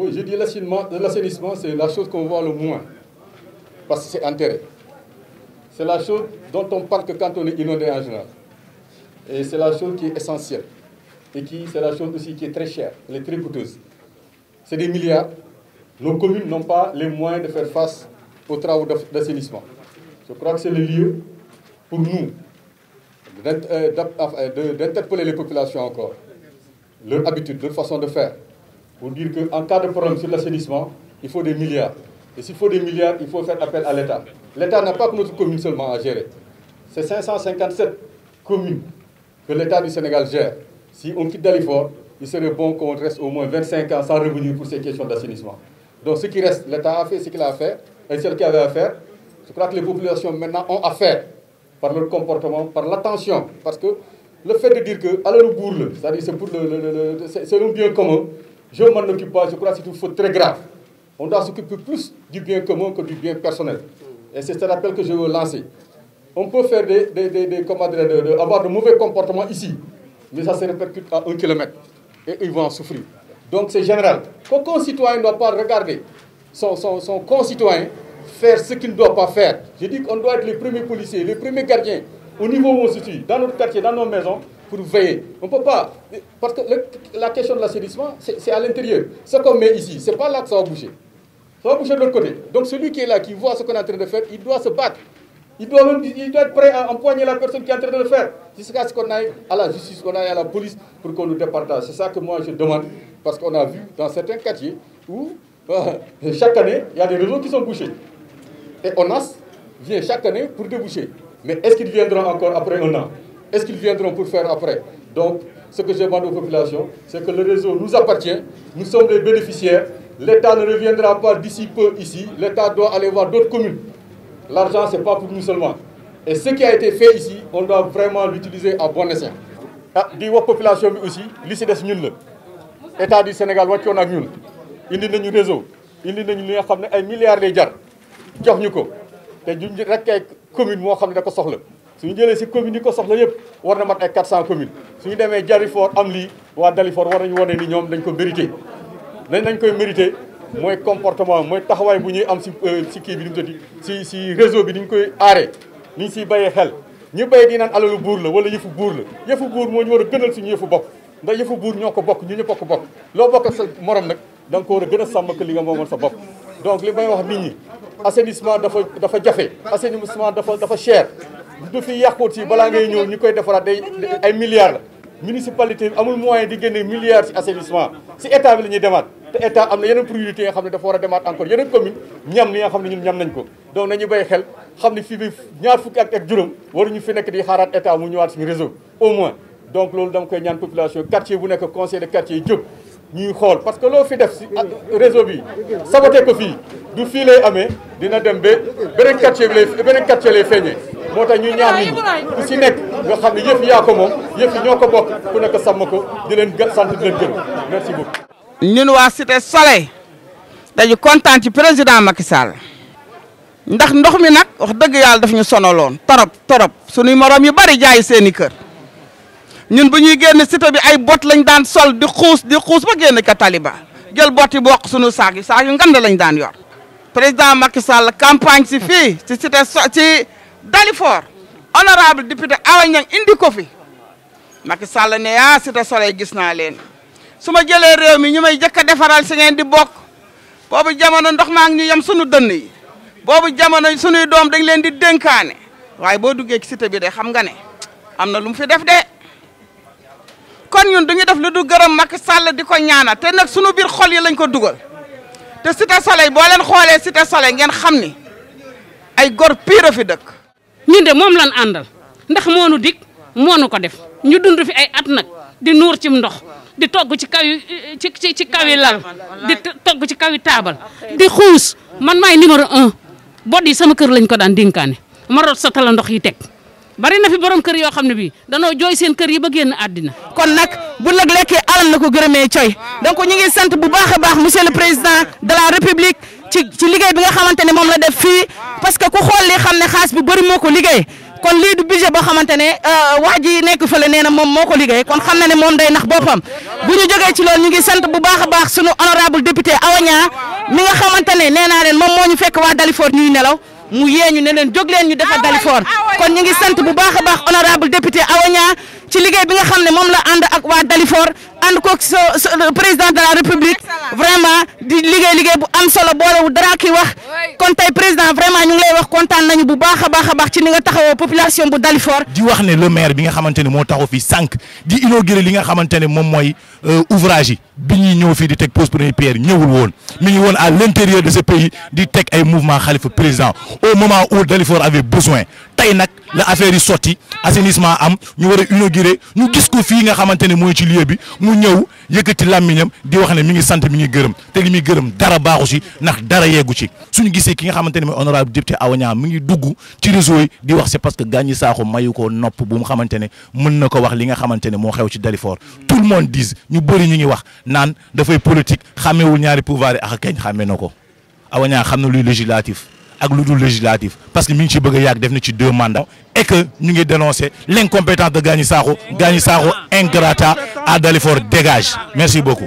Oui, je dis l'assainissement, c'est la chose qu'on voit le moins, parce que c'est intérêt. C'est la chose dont on parle quand on est inondé en général. Et c'est la chose qui est essentielle. Et qui, c'est la chose aussi qui est très chère, elle est très coûteuse. C'est des milliards. Nos communes n'ont pas les moyens de faire face aux travaux d'assainissement. Je crois que c'est le lieu pour nous euh, d'interpeller les populations encore, leur habitude, leur façon de faire pour dire qu'en cas de problème sur l'assainissement, il faut des milliards. Et s'il faut des milliards, il faut faire appel à l'État. L'État n'a pas que notre commune seulement à gérer. C'est 557 communes que l'État du Sénégal gère. Si on quitte Dalifort, il serait bon qu'on reste au moins 25 ans sans revenir pour ces questions d'assainissement. Donc ce qui reste, l'État a fait ce qu'il a fait, et ce qu'il avait à faire. Je crois que les populations maintenant ont affaire par leur comportement, par l'attention. Parce que le fait de dire que allez nous bourre, c'est-à-dire c'est le, un bien commun, je m'en occupe pas, je crois que c'est une faute très grave. On doit s'occuper plus du bien commun que du bien personnel. Et c'est cet appel que je veux lancer. On peut faire des, des, avoir de mauvais comportements ici, mais ça se répercute à un kilomètre. Et ils vont en souffrir. Donc c'est général. Qu'aucun concitoyen ne doit pas regarder son, son concitoyen faire ce qu'il ne doit pas faire. Je dis qu'on doit être les premiers policiers, les premiers gardiens, au niveau où on se situe, dans notre quartier, dans nos maisons, pour veiller. On ne peut pas. Parce que la question de l'assainissement, c'est à l'intérieur. Ce qu'on met ici, ce n'est pas là que ça va bouger. Ça va bouger de l'autre côté. Donc celui qui est là, qui voit ce qu'on est en train de faire, il doit se battre. Il doit, même, doit être prêt à empoigner la personne qui est en train de le faire. Jusqu'à ce qu'on aille à la justice, qu'on aille à la police pour qu'on nous départage. C'est ça que moi je demande. Parce qu'on a vu dans certains quartiers où euh, chaque année, il y a des réseaux qui sont bouchés. Et ONAS vient chaque année pour déboucher. Mais est-ce qu'ils viendront encore après un an est-ce qu'ils viendront pour faire après Donc, ce que je demande aux populations, c'est que le réseau nous appartient, nous sommes les bénéficiaires, l'État ne reviendra pas d'ici peu ici, l'État doit aller voir d'autres communes. L'argent, ce n'est pas pour nous seulement. Et ce qui a été fait ici, on doit vraiment l'utiliser à bon escient. ah di population aussi li des du Sénégal il y a indi réseau indi nañu li milliard de ay milliards de jox te commune suñu jëlee si commune yi ko soxla yëpp war na mat ay 400 communes suñu demee Jarifoor am lii waa Dalifoor war nañu wane ni ñoom dañ ko mérité lañ dañ koy mérité mooy comportement mooy taxawaay bu ñuy am si euh, si kii bi ni mu tëddi si si réseau bi ni ñu koy aaree ni ñu siy bayee xel ñu bay di naan alalu buur la wala yëfu buur la yëfu buur moo ñu war a gënal ñu yëfu bokk ndax yëfu buur ñoo ko bokk ñu ñu bokk bokk loo bokk sa moroom nag da ko war a gën a sàmm li sa bopp donc li may wax nit ñi assainissement dafa dafa jafe assainissement dafa dafa cher du fi yàquut si balaa ngay ñew ñu koy defaraat day ay milliards la municipalité amul moyen di génne milliards ci assainissement ci état bi la ñuy demaat état amna na yeneen priorité nga xamné dafa wara démat encore yeneen commune ñam li nga xamné ñun ñam nañ ko donc nañu bay xel xamné fi fii ñaar fukki ak ak juróom waruñu fi nek di xaaraat état mu ñëwaat ci réseau au moins donc loolu dama koy ñaan population quartier bu nek conseil de quartier yi jóg ñuy xool parce que loo fi def si réseau bi saboté ko fii du fii lay amee dina dem ba beneen quartier bi lay beneen quartier lay feeñee moo tax ñu ñaan nit ñi ku si nekk nga xam ne yaa ko moom yëf ñoo ko bokk ku nekk sàmm ko di leen gë sant di leen merci beaucoup. ñun waa Cité Soleil dañu kontaan ci président Macky Sall ndax ndox mi nag wax dëgg yàlla daf ñu sonaloon torop torop suñuy moroom yi bari jaay seeni kër ñun bu ñuy génn cité bi ay bot lañ daan sol di xuus di xuus ba génn ka taliba jël bot yi bokk sunu saak yi saak yu ngand lañ daan yor président Macky Sall si fii Dalifort honorable député Awa indi ko fi Macky Sall ne ci ta Soleil gis na len suma jele rew mi ñumay jëk defaral si ngeen di bok bobu jamono ndox ma ak ñu yam suñu deñ yi bobu jamono suñu doom dañ leen di denkané waaye bo duggé ci cité bi de xam nga né amna lu mu fi def dé kon ñun duñu def lu du gërëm Macky Sall di ko ñaanal té nak suñu bir xol yi lañ ko dugal te Cité Soleil bo leen xoolee Cité Soleil ngeen xamni ay gor pire fi dëkk ñun de moom lan àndal ndax moo nu dig moo nu ko def ñu dund fi ay at nag di nuur cim ndox di togg ci kaw ci ci ci kaw yi lal di togg ci kawi taabal di xuus man maay numéro un bod yi sama kër lañ ko daan dénkaane ma rot sa tala ndox yi teg bari na fi borom kër yoo xam ne bii danoo jooy seen kër yi ba génn àddina kon nag bu lëg lekkee alal na ko gërëmee coy donc ñu ngi sant bu baax a baax monsieur le président de la république ci ci liggéey bi nga xamante ne moom la def fii parce que ku xool li xam ne xaas bi bëri moo ko liggéey kon lii du budget boo xamante ne waa ji nekk fële nee na moom moo ko liggéey kon xam na ne moom day nax boppam bu ñu jógee ci loolu ñu ngi sant bu baax a baax sunu honorable député Awa Niang mi nga xamante ne nee naa leen moom moo ñu fekk waa Dalifort ñuy nelaw mu yeeñu ne leen jóg leen ñu defar Dalifort kon ñu ngi sant bu baax a baax honorable député Awa Niang ci liggéey bi nga xam ne moom la ànd ak waa Dalifort ànd koog président Macky wax kon tey président vraiment ñu ngi wax contane nañu bu baax a baax ci ni nga taxawoo population bu Dalifort. di wax ne le maire bi nga xamante ne moo taxaw fii sànq di inaugurer li nga xamante ne moom mooy euh, ouvrage yi bi ñuy ñëw fii di teg pose premier pierre ñëwul woon mi ngi woon à l'intérieur de ce pays di teg ay mouvement xalifa président au moment où Dalifort avait besoin tay nag la affaire yi sotti assainissement am ñu war a inauguré ñu gis ko fii nga xamante ne mooy ci lieu bi mu ñëw yëkkati làmmiñam di wax ne mi ngi sant mi ngi gërëm te li muy gërëm dara baaxu ci ndax dara yeggu ci suñu gisee ki nga xamante ne mooy honorable député Awa mi ngi dugg ci réseau yi di wax c'est parce que Gagny Sakho mayu ko nopp bu mu xamantene mën wax li nga xamantene mo xew ci Dalifort mm. tout le monde dise ñu bëri ñu ngi wax da fay politique xàmmewul ñaari pouvoir yi ak ah kañ xamé nako ko xamna lu législatif ak lu législatif parce que mi ngi ci bëgg a def na ci deux mandats et que ñu ngi dénoncer l'incompétence de Gagny Sakho Gagny Sakho ingrata à Dalifort dégage merci beaucoup